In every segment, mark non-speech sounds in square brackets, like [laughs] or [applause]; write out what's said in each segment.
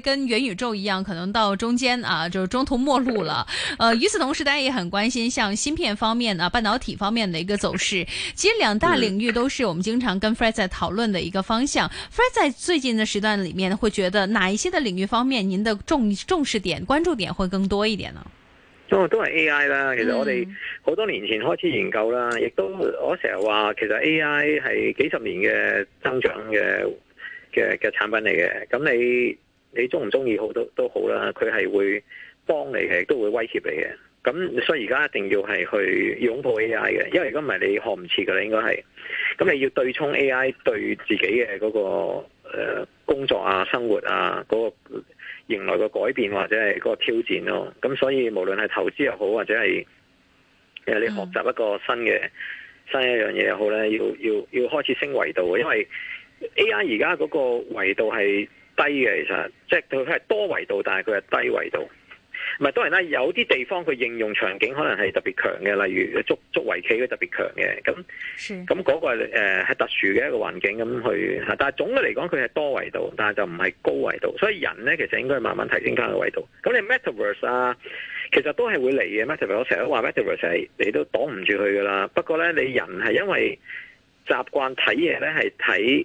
跟元宇宙一樣，可能到中間啊，就是中途末路了。呃，與此同時，大家也很關心像芯片方面啊、半導體方面的一個走勢。其實兩大領域都是我們經常跟 Fred 在討論的一個方向。嗯、Fred 在最近的時段裏面，會覺得哪一些的領域方面，您的重重視點、關注點會更多一點呢？都都係 AI 啦。其實我哋好多年前開始研究啦，亦、嗯、都我成日話，其實 AI 係幾十年嘅增長嘅嘅嘅產品嚟嘅。咁你你中唔中意好都都好啦，佢係會幫你，其實都會威脅你嘅。咁所以而家一定要係去擁抱 AI 嘅，因為而家唔係你學唔切噶啦，應該係。咁你要對沖 AI 對自己嘅嗰個誒工作啊、生活啊嗰、那個迎來個改變或者係個挑戰咯、啊。咁所以無論係投資又好或者係誒你學習一個新嘅新一樣嘢又好咧，要要要開始升維度嘅，因為 AI 而家嗰個維度係。低嘅其實，即係佢係多維度，但係佢係低維度。唔係當然啦，有啲地方佢應用場景可能係特別強嘅，例如捉捉圍棋佢特別強嘅，咁咁嗰個係係、呃、特殊嘅一個環境咁去。但係總嘅嚟講，佢係多維度，但係就唔係高維度。所以人咧其實應該慢慢提升加個維度。咁你 metaverse 啊，其實都係會嚟嘅 metaverse。Metaverse, 我成日都話 metaverse 係你都擋唔住佢噶啦。不過咧，你人係因為習慣睇嘢咧係睇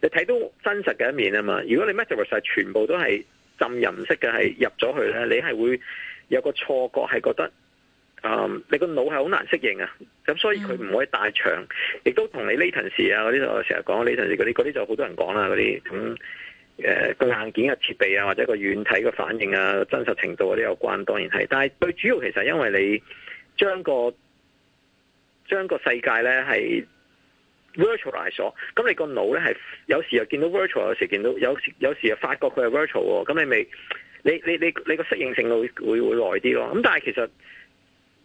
你睇到真實嘅一面啊嘛！如果你 metaverse 全部都係浸淫式嘅，係入咗去咧，你係會有個錯覺係覺得，嗯，你個腦係好難適應啊。咁所以佢唔可以戴長，亦都同你 latency 啊嗰啲，我成日講 latency 嗰啲，嗰啲就好多人講啦嗰啲，咁誒個硬件嘅設備啊，或者個軟體嘅反應啊，真實程度嗰啲有關，當然係。但係最主要其實因為你將個將個世界咧係，virtual 化咗，咁你個腦咧係有時又見到 virtual，有時見到有時有時又發覺佢係 virtual 喎，咁你咪你你你你個適應性度會會耐啲咯，咁但係其實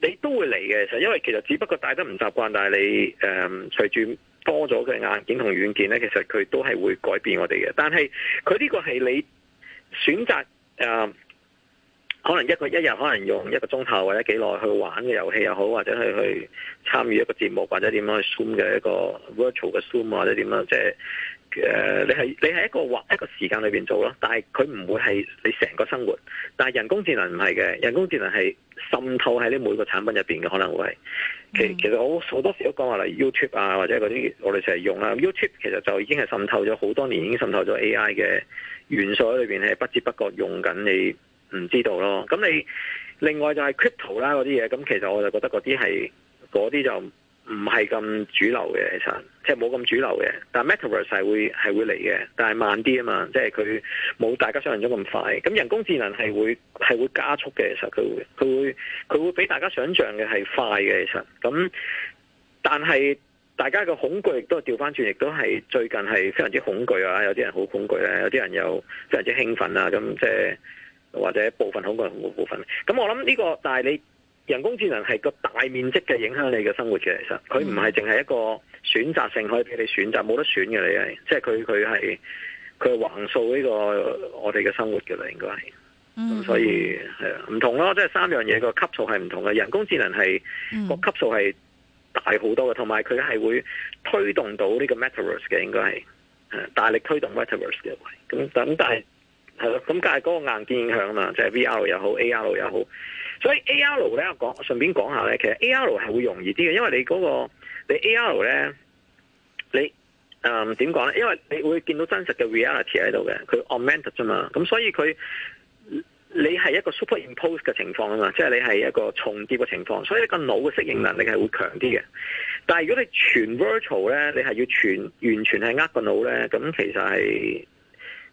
你都會嚟嘅，其實因為其實只不過帶得唔習慣，但係你誒、嗯、隨住多咗嘅硬件同軟件咧，其實佢都係會改變我哋嘅，但係佢呢個係你選擇誒。嗯可能一個一日，可能用一個鐘頭或者幾耐去玩嘅遊戲又好，或者係去參與一個節目或者點樣去 Zoom 嘅一個,一個 Virtual 嘅 Zoom 或者點樣即係誒你係你係一個或一個時間裏面做咯，但係佢唔會係你成個生活。但係人工智能唔係嘅，人工智能係滲透喺你每個產品入面嘅，可能會係其其實我好多時都講話啦，YouTube 啊或者嗰啲我哋成日用啦，YouTube 其實就已經係滲透咗好多年，已經滲透咗 AI 嘅元素喺裏面，係不知不覺用緊你。唔知道咯，咁你另外就係 Crypto 啦，嗰啲嘢，咁其實我就覺得嗰啲係嗰啲就唔係咁主流嘅，其實即係冇咁主流嘅。但係 Metaverse 係會係會嚟嘅，但係慢啲啊嘛，即係佢冇大家想象中咁快。咁人工智能係會係會加速嘅，其實佢會佢會佢會比大家想象嘅係快嘅，其實咁。但係大家嘅恐懼亦都係掉返轉，亦都係最近係非常之恐懼啊！有啲人好恐懼啊，有啲人又非常之興奮啊！咁即係。或者部分好過冇部分，咁我諗呢個，但係你人工智能係個大面積嘅影響你嘅生活嘅，其實佢唔係淨係一個選擇性可以俾你選擇，冇得選嘅你係，即係佢佢係佢係橫掃呢個我哋嘅生活嘅啦，應該係，咁所以係啊，唔同咯，即係三樣嘢個級數係唔同嘅，人工智能係個級數係、嗯、大好多嘅，同埋佢係會推動到呢個 Metaverse 嘅，應該係，誒大力推動 Metaverse 嘅，咁但係。係咯，咁梗係嗰個硬件影響啦，就係、是、V R 又好 A R 又好，所以 A R 咧，我講順便講下咧，其實 A R 係會容易啲嘅，因為你嗰、那個嗰個你 A R 咧，你, AR 呢你嗯點講咧？因為你會見到真實嘅 reality 喺度嘅，佢 augmented 啫嘛，咁所以佢你係一個 superimpose 嘅情況啊嘛，即係你係一個重疊嘅情況，所以你個腦嘅適應能力係會強啲嘅。但係如果你全 virtual 咧，你係要全完全係呃個腦咧，咁其實係。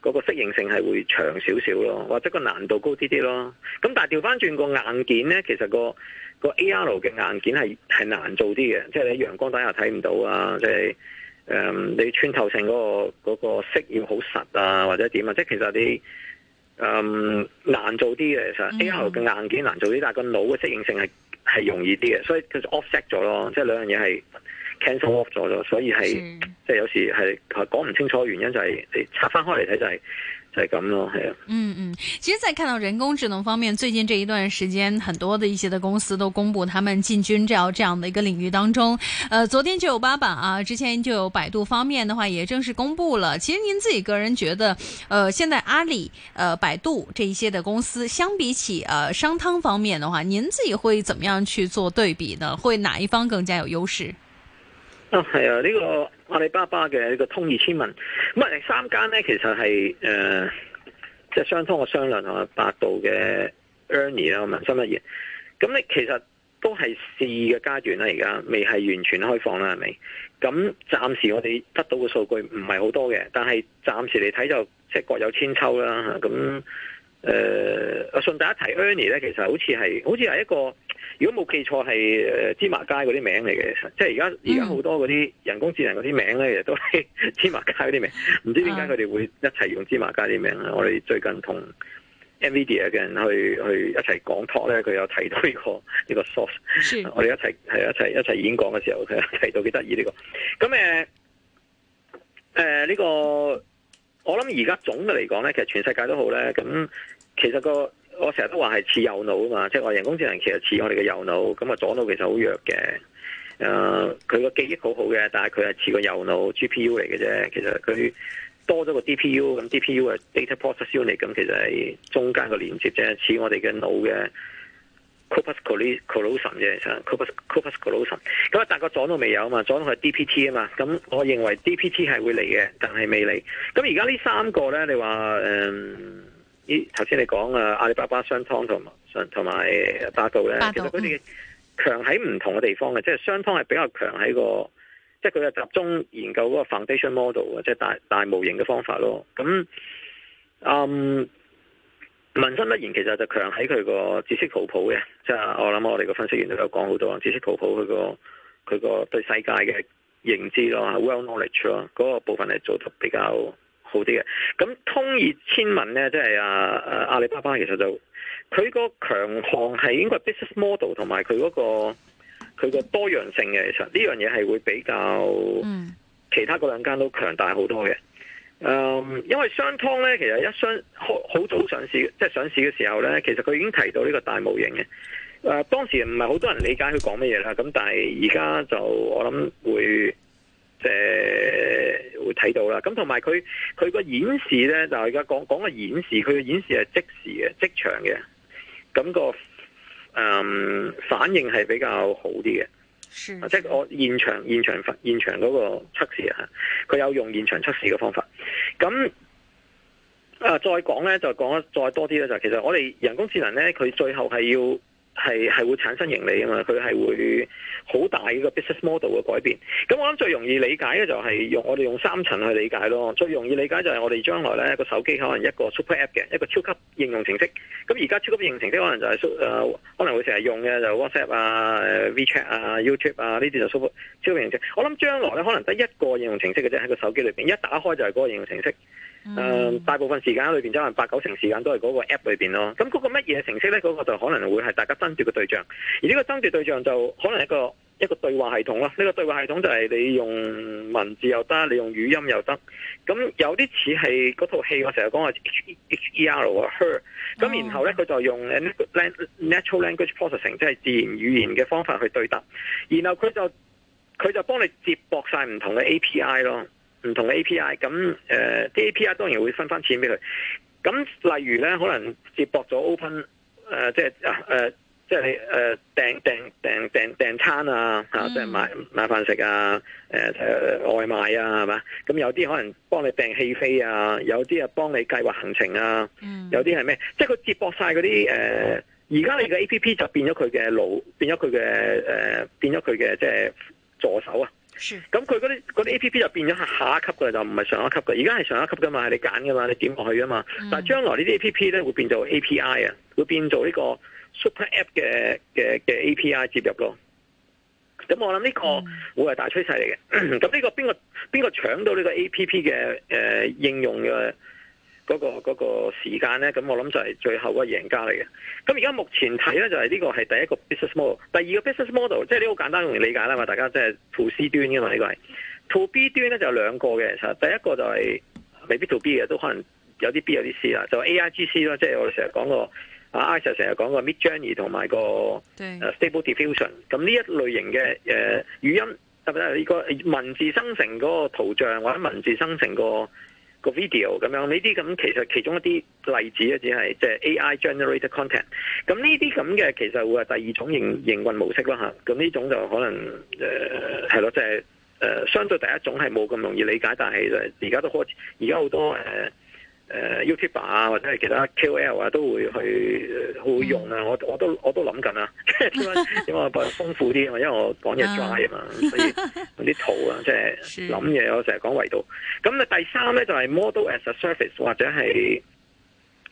嗰個適應性係會長少少咯，或者個難度高啲啲咯。咁但係調翻轉個硬件咧，其實、個個 AR 嘅硬件係係難做啲嘅，即係你陽光底下睇唔到啊，即係誒你穿透性嗰個嗰個色要好實啊，或者點啊，即係其實你誒、嗯、難做啲嘅，其實 AR 嘅硬件難做啲，但係個腦嘅適應性係係容易啲嘅，所以佢就 offset 咗咯，即係兩樣嘢係。cancel off 咗咗，所以係是即係有時係講唔清楚原因就係、是，拆翻開嚟睇就係、是、就係、是、咁咯，係啊。嗯嗯，其實再看到人工智能方面，最近這一段時間，很多的一些的公司都公布他們進軍這這樣的一個領域當中。呃，昨天就有八版啊，之前就有百度方面的話也正式公布了。其實您自己個人覺得，呃，現在阿里、呃，百度這一些的公司相比起，呃，商湯方面的話，您自己會怎麼樣去做對比呢？會哪一方更加有優勢？啊，係啊、哦！呢、這個阿里巴巴嘅呢、這個通義千問咁第三間咧，其實係誒，即係商湯嘅商量同埋百度嘅 Ernie 啦，文心一言。咁咧，其實都係試嘅階段啦，而家未係完全開放啦，係咪？咁、嗯、暫時我哋得到嘅數據唔係好多嘅，但係暫時嚟睇就即係各有千秋啦。咁、嗯、誒、呃，我順帶一提 Ernie 咧，其實好似係，好似係一個。如果冇記錯係誒、呃、芝麻街嗰啲名嚟嘅，即係而家而家好多嗰啲人工智能嗰啲名咧，亦都係芝麻街嗰啲名。唔知點解佢哋會一齊用芝麻街啲名咧？我哋最近同 NVIDIA 嘅人去去一齊講 talk 咧，佢有提到呢個呢個 source 的。我哋一齊係一齊一齊演講嘅時候，佢提到幾得意呢個。咁誒誒呢個，我諗而家總嘅嚟講咧，其實全世界都好咧。咁其實個。我成日都話係似右腦啊嘛，即係我人工智能其實似我哋嘅右腦，咁啊左腦其實好弱嘅。誒、呃，佢個記憶好好嘅，但係佢係似個右腦 G P U 嚟嘅啫。其實佢多咗個 D P U，咁 D P U 係 data processing 咁，其實係中間個連接啫，似我哋嘅腦嘅。corpus callosum 啫，corpus corpus callosum。咁但係個左腦未有啊嘛，左腦係 D P T 啊嘛。咁我認為 D P T 係會嚟嘅，但係未嚟。咁而家呢三個咧，你話誒？嗯頭先你講啊，阿里巴巴，雙湯和巴、商湯同埋同埋百度咧，其實佢哋強喺唔同嘅地方嘅，即係商湯係比較強喺個，即係佢係集中研究嗰個 foundation model 啊，即係大大模型嘅方法咯。咁，嗯，文心一言其實就強喺佢個知識圖譜嘅，即、就、係、是、我諗我哋個分析員都有講好多，知識圖譜佢個佢個對世界嘅認知咯、嗯、，world knowledge 咯，嗰個部分係做得比較。好啲嘅，咁通義千問咧，即係啊啊阿里巴巴，其實就佢個強項係應該係 business model 同埋佢嗰個佢個多樣性嘅，其實呢樣嘢係會比較、嗯、其他嗰兩間都強大好多嘅。嗯，因為商湯咧，其實一商好，好早上市，即係上市嘅時候咧，其實佢已經提到呢個大模型嘅。啊、呃，當時唔係好多人理解佢講乜嘢啦，咁但係而家就我諗會。睇到啦，咁同埋佢佢個演示咧，嗱，而家講講個演示，佢嘅演示係即時嘅，即場嘅，咁、那個誒、嗯、反應係比較好啲嘅，的即係我現場現場發現場個測試啊，佢有用現場測試嘅方法，咁、呃、再講咧就講再多啲咧就是，其實我哋人工智能咧，佢最後係要。係係會產生盈利啊嘛，佢係會好大嘅 business model 嘅改變。咁我諗最容易理解嘅就係用我哋用三層去理解咯。最容易理解就係我哋將來一個手機，可能一個 super app 嘅一個超級應用程式。咁而家超級應用程式可能就係、是、誒、呃、可能會成日用嘅就 WhatsApp 啊、WeChat 啊、YouTube 啊，呢啲就超級應用程式。我諗將來呢可能得一個應用程式嘅啫，喺個手機裏邊一打開就係嗰個應用程式。誒，嗯、大部分時間裏邊，可能八九成時間都係嗰個 App 裏邊咯。咁嗰個乜嘢程式呢？嗰、嗰個就可能會係大家爭奪嘅對象。而呢個爭奪對象就可能係一個一個對話系統咯。呢、呢個對話系統就係你用文字又得，你用語音又得。咁有啲似係嗰套戲我成日講係 H, H E R 或 Her、嗯。咁然後呢，佢就用 Natural Language Processing，即係自然語言嘅方法去對答。然後佢就佢就幫你接駁晒唔同嘅 API 咯。唔同嘅 API，咁誒啲、呃、API 當然會分翻錢俾佢。咁例如咧，可能接駁咗 Open，誒即係誒即係你誒訂訂訂，訂，訂，訂餐啊，即係、嗯啊就是、買買飯食啊，誒、呃、誒、就是、外賣啊，係嘛？咁有啲可能幫你訂戲飛啊，有啲啊幫你計劃行程啊，嗯、有啲係咩？即係佢接駁晒嗰啲誒，而、呃、家你嘅 APP 就變咗佢嘅奴，變咗佢嘅誒，變咗佢嘅即係助手啊！咁佢嗰啲啲 A P P 就變咗係下一級嘅，就唔係上一級嘅。而家係上一級噶嘛，係你揀噶嘛，你點落去啊嘛。但係將來 APP 呢啲 A P P 咧，會變做 A P I 啊，會變做呢個 Super App 嘅嘅嘅, A P I 接入咯。咁我諗呢個會係大趨勢嚟嘅。咁呢、嗯、 [coughs] 個邊個邊個搶到呢個 A P P 嘅誒、呃、應用嘅？嗰、那個嗰、那個時間咧，咁我諗就係最後個贏家嚟嘅。咁而家目前睇咧，就係、是、呢個係第一個 business model，第二個 business model，即係呢個簡單容易理解啦嘛。大家即係 to C 端嘅嘛，呢、這個係 to B 端咧就兩個嘅。其實第一個就係未必 to B 嘅，都可能有啲 B 有啲 C 啦，就係 AIGC 啦，即係對、啊、我哋成日講過個阿 Isa 成日講個 Midjourney 同埋個 stable diffusion。咁呢一類型嘅誒、呃、語音特別係呢個文字生成嗰個圖像或者文字生成、那個。個 video 咁樣呢啲咁，其實其中一啲例子啊，只係即係 AI generated content。咁呢啲咁嘅，其實會係第二種營營運模式啦吓。咁呢種就可能誒係咯，即係誒相對第一種係冇咁容易理解，但係而家都開始，而家好多、呃誒、uh, YouTuber 啊，或者係其他 KOL 啊，都會去好用啊！嗯、我我都我都諗緊啊， [laughs] 我 [laughs] 啊，因為我為比較豐富啲啊嘛，因為我講嘢 dry 啊嘛，所以嗰啲圖啊，即係諗嘢，是我成日講維度。咁啊，第三咧就係、是、model as a service 或者係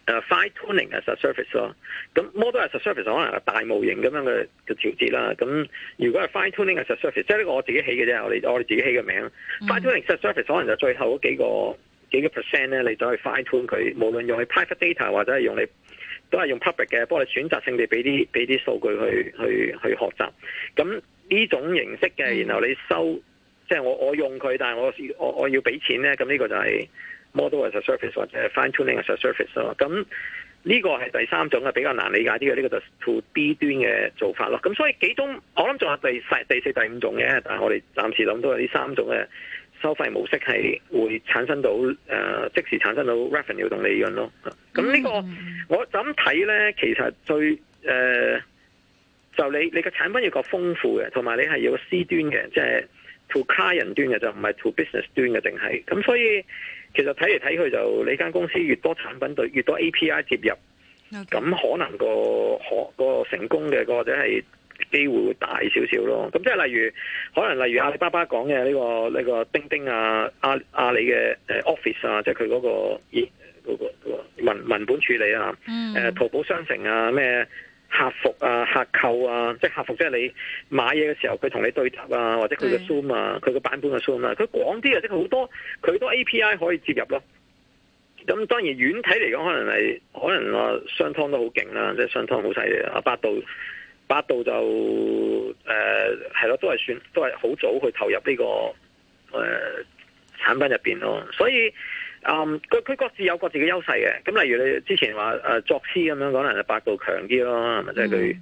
fine tuning as a service 咯。咁 model as a service 可能係大模型咁樣嘅嘅調節啦。咁如果係 fine tuning as a service，即係呢個我自己起嘅啫，我哋我哋自己起嘅名。嗯、fine tuning as a service 可能就是最後嗰幾個。幾個 percent 咧，你就去 fine tune 佢，無論用去 private data 或者係用你都係用 public 嘅，幫你選擇性地俾啲俾啲數據去去、嗯、去學習。咁呢種形式嘅，然後你收即係、就是、我我用佢，但係我我我要俾錢咧。咁呢個就係 model as a service 或者係 fine tuning as a service 咯。咁呢個係第三種嘅，比較難理解啲嘅。呢、呢個就係 to B 端嘅做法咯。咁所以幾種，我諗仲有第四、第四、第五種嘅，但係我哋暫時諗到係呢三種嘅。收費模式係會產生到誒、呃、即時產生到 revenue 同利潤咯。咁、這個 mm. 呢個我怎睇咧？其實最誒、呃、就你你個產品越夠豐富嘅，同埋你係有 C 端嘅，即、就、係、是、to 卡人端嘅，就唔係 to business 端嘅定係。咁所以其實睇嚟睇去就你間公司越多產品對越多 API 接入，咁 Okay. 可能個可個成功嘅或者係。機會會大少少咯，咁即係例如可能例如阿里巴巴講嘅呢個呢、呢個叮叮啊，阿阿里嘅 Office 啊，即係佢嗰個語嗰、欸嗰個嗰個嗰個、文文本處理啊，嗯、啊，淘寶商城啊，咩客服啊、客購啊，即係客服即係你買嘢嘅時候佢同你對答啊，或者佢嘅 Zoom 啊，佢個是版本嘅 Zoom 啊，佢廣啲啊，即係好多佢都 API 可以接入咯、啊。咁當然遠睇嚟講，可能係可能話、啊、商湯都好勁啦，即係商湯好犀利啊，百度。百度就誒係咯，都係算都係好早去投入呢、這個誒、呃、產品入邊咯。所以誒佢佢各自有各自嘅優勢嘅。咁例如你之前話、呃、作詩咁樣，可能係百度強啲咯，係咪即係佢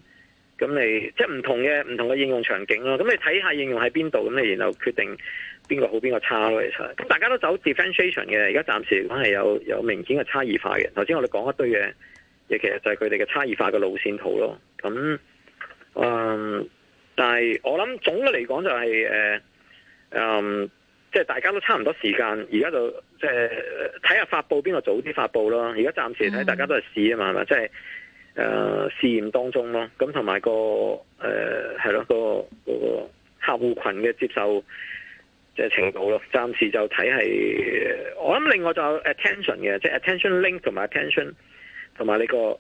咁你即係唔同嘅唔同嘅應用場景咯。咁你睇下應用喺邊度，咁你然後決定邊個好邊個差咯。其實咁大家都走 differentiation 嘅，而家暫時能係有有明顯嘅差異化嘅。頭先我哋講一堆嘢，亦其實就係佢哋嘅差異化嘅路線圖咯。咁嗯，但係我諗總嘅嚟講就係、是、誒、呃，嗯，即、就、係、是、大家都差唔多時間，而家就即係睇下發布邊個早啲發布咯。而家暫時睇大家都係試啊嘛，係咪即係誒試驗當中咯？咁同埋個誒係咯，個個客戶群嘅接受即係、就是、程度咯。暫時就睇係我諗另外就有 att 就是、attention 嘅 att，即、就、係、是、attention link 同埋 attention 同埋你個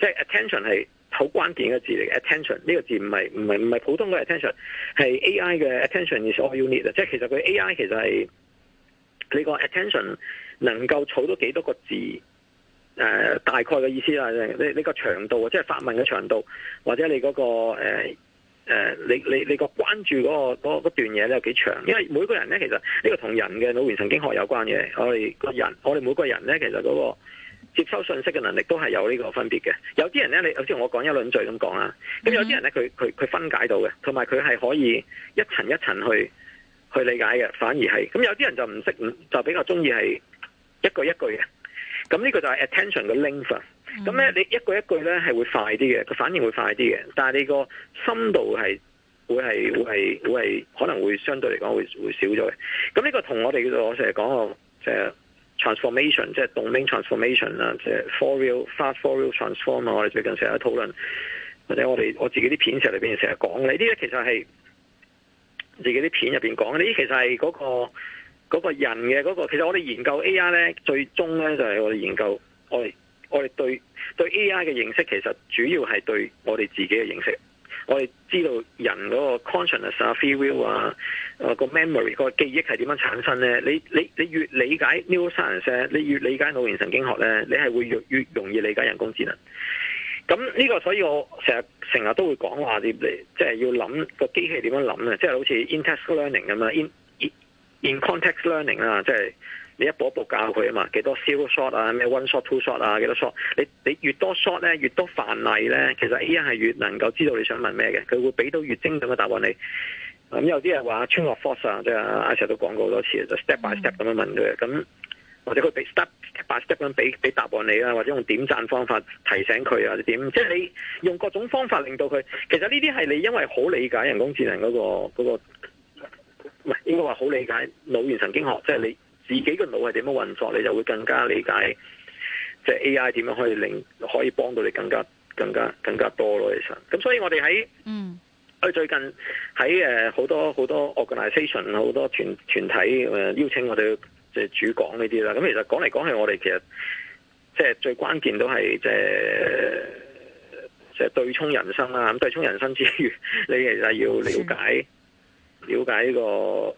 即係 attention 係。好關鍵嘅字嚟嘅，attention 呢個字唔係唔係唔係普通嘅 attention，係 AI 嘅 attention is all you need，即係其實佢 AI 其實係你個 attention 能夠儲到幾多個字？誒、呃，大概嘅意思啦，你你個長度即係發問嘅長度，或者你嗰、那個誒、呃、你你你個關注嗰、那、嗰、個、段嘢咧有幾長？因為每個人咧，其實呢、這個同人嘅腦原神經學有關嘅，我哋個人，我哋每個人咧，其實嗰、那個。接收信息嘅能力都係有呢個分別嘅，有啲人咧，你好似我講一輪嘴咁講啦，咁有啲人咧，佢佢佢分解到嘅，同埋佢係可以一層一層去去理解嘅，反而係咁有啲人就唔識，就比較中意係一句一句嘅，咁呢個就係 attention 嘅 link，咁咧你一句一句咧係會快啲嘅，佢反應會快啲嘅，但係你個深度係會係會係會係可能會相對嚟講會會少咗嘅，咁呢個同我哋叫做我成日講嘅即係。呃 Trans transformation 即係 domain transformation 啦，即係 Fourier fast Fourier transform 啊、er，我哋最近成日討論，或者我哋我自己啲片社裏邊成日講，呢啲咧其實係自己啲片入邊講，呢啲其實係嗰、嗰個、嗰個人嘅嗰、嗰個，其實我哋研究 A I 咧，最終咧就係我哋研究我哋我哋對對 A I 嘅認識，其實主要係對我哋自己嘅認識。我哋知道人嗰個 consciousness 啊、feeling 啊、uh,、個 memory、個記憶係點樣產生咧？你你你越理解 neuroscience 你越理解腦神經學咧，你係會越越容易理解人工智能。咁呢個，所以我成日成日都會講話，你你即係要諗個機器點樣諗啊，即係好似 in text learning 咁啊，in in context learning 啦，即係。你一步一步教佢啊嘛，幾多 zero shot 啊，咩 one shot two shot 啊，幾多 shot？你你越多 shot 咧，越多範例咧，其實 AI 係越能夠知道你想問咩嘅，佢會俾到越精準嘅答案你。咁、嗯、有啲人話 chain of thought 啊，即係阿 Sir 都講過好多次，就 step by step 咁樣問佢，咁或者佢俾 step by step 咁俾俾答案你啊，或者用點讚方法提醒佢啊，或者點？即係你用各種方法令到佢，其實呢啲係你因為好理解人工智能嗰個嗰個，唔係應該話好理解腦原神經學，即係你。自己嘅腦係點樣運作，你就會更加理解，即係 AI 點樣可以令可以幫到你更加更加更加多咯。其實，咁所以我哋喺嗯，誒最近喺誒好多好多 organisation 好多團團體誒邀請我哋即係主講呢啲啦。咁其實講嚟講去，我哋其實即係最關鍵都係即係即係對沖人生啦。咁對沖人生之餘，你其實要了解。了解呢個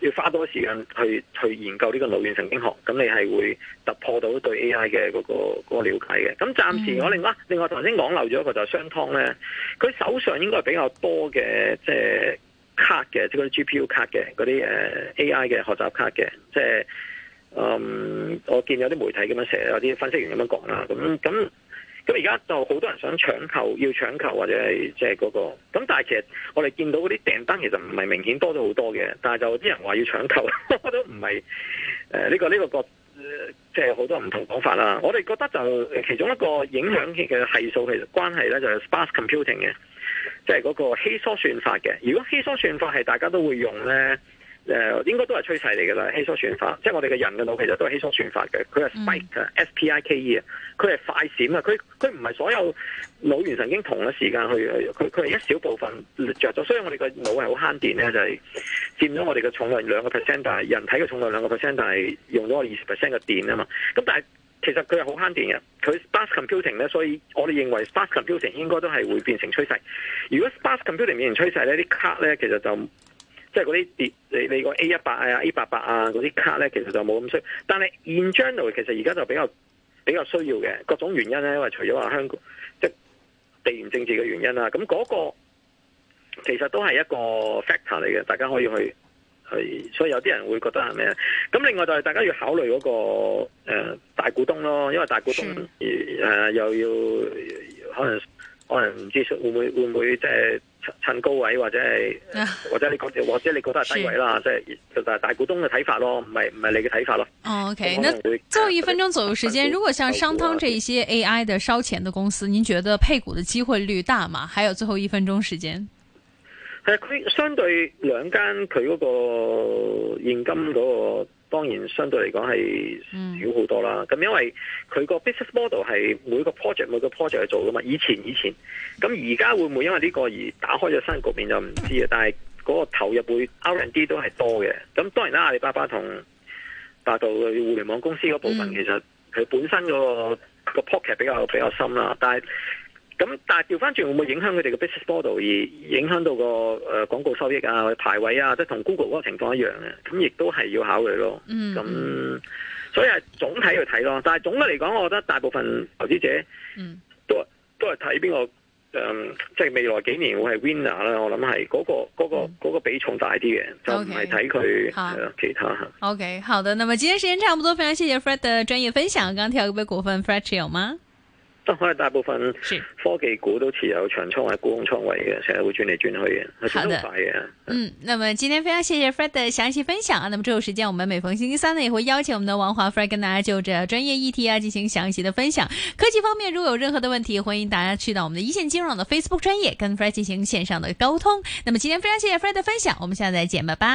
要花多時間去去研究呢個腦源神經學，咁你係會突破到對 AI 嘅嗰個嗰個了解嘅。咁暫時我另外、mm hmm. 另外頭先講漏咗一個就係商湯咧，佢手上應該係比較多嘅即係卡嘅，即啲 G P U 卡嘅，嗰啲誒 A I 嘅學習卡嘅，即係嗯，我見有啲媒體咁樣寫，有啲分析員咁樣講啦，咁咁。咁而家就好多人想搶購，要搶購或者係即係嗰個，咁但係其實我哋見到嗰啲訂單其實唔係明顯多咗好多嘅，但係就啲人話要搶購， [laughs] 都唔係誒呢個呢個個，即係好多唔同講法啦。我哋覺得就其中一個影響嘅係數其實關係咧就係 Sparse Computing 嘅，即係嗰個稀疏算法嘅。如果稀疏算法係大家都會用咧。誒應該都係趨勢嚟㗎啦，稀疏算法，即係我哋嘅人嘅腦其實都係稀疏算法嘅，佢係 spike 啊，S P I K E 啊，佢係快閃啊，佢佢唔係所有腦元神經同一時間去佢佢係一小部分着咗，所以我哋嘅腦係好慳電咧，就係、是、佔咗我哋嘅重量兩個 percent，但係人體嘅重量兩個 percent，但係用咗我哋二十 percent 嘅電啊嘛，咁但係其實佢係好慳電嘅，佢 sparse computing 咧，所以我哋認為 sparse computing 應該都係會變成趨勢。如果 sparse computing 變成趨勢咧，啲卡咧其實就。即係嗰啲你你個 A100 啊 A 八八啊嗰啲卡咧，其實就冇咁衰。但係 in general 其實而家就比較比較需要嘅各種原因咧，因為除咗話香港即、係、地緣政治嘅原因啦，咁嗰個其實都係一個 factor 嚟嘅，大家可以去去。所以有啲人會覺得係咩？咁另外就係大家要考慮嗰、個、呃、大股東咯，因為大股東誒的、呃、又要可能可能唔知會唔會會唔會即係。趁高位或者係，或者你講，啊、或者你覺得係低位啦，即係是就係大股東嘅睇法咯，唔係唔係你嘅睇法咯。O K，呢最後一分鐘左右時間，如果像商湯這一些 A I 的燒錢的公司，啊、您覺得配股的機會率大嗎？還有最後一分鐘時間，係佢、嗯、相對兩間佢嗰個現金嗰、嗰個。當然相對嚟講係少好多啦，咁、嗯、因為佢個 business model 係每個 project 每個 project 去做㗎嘛，以前以前，咁而家會唔會因為呢個而打開咗新局面就唔知啊，但係嗰個投入會 R&D 都係多嘅，咁當然啦，阿里巴巴同百度嘅互聯網公司嗰部分、嗯、其實佢本身、這個個 project 比較比較深啦，但係。咁但係調翻轉會唔會影響佢哋嘅 business model 而影響到個誒廣告收益啊或者排位啊，即係同 Google 嗰個情況一樣咧、啊，咁亦都係要考慮咯。嗯，咁所以係總體去睇咯。但係總的嚟講，我覺得大部分投資者都嗯都都係睇邊個，即、呃、係、就是、未來幾年會係 winner 啦。我諗係嗰個嗰、那個嗰、嗯、個比重大啲嘅，就唔係睇佢其他。O、okay, K. 好的，那麼今天時間差唔多，非常謝謝 Fred 嘅專業分享。剛剛跳一倍股份，Fred 有嗎？ [noise] 大部分科技股都持有長倉位、股東倉位嘅，成日會轉嚟轉去嘅，係快嘅。的嗯，那麼今天非常謝謝 Fred 嘅詳細分享啊。那麼這有時間，我們每逢星期三呢，也會邀請我們的王華 Fred 跟大家就這專業議題啊進行詳細嘅分享。科技方面如果有任何的問題，歡迎大家去到我們的一線金融嘅 Facebook 專頁，跟 Fred 進行線上的溝通。那麼今天非常謝謝 Fred 嘅分享，我們下次再見，拜拜。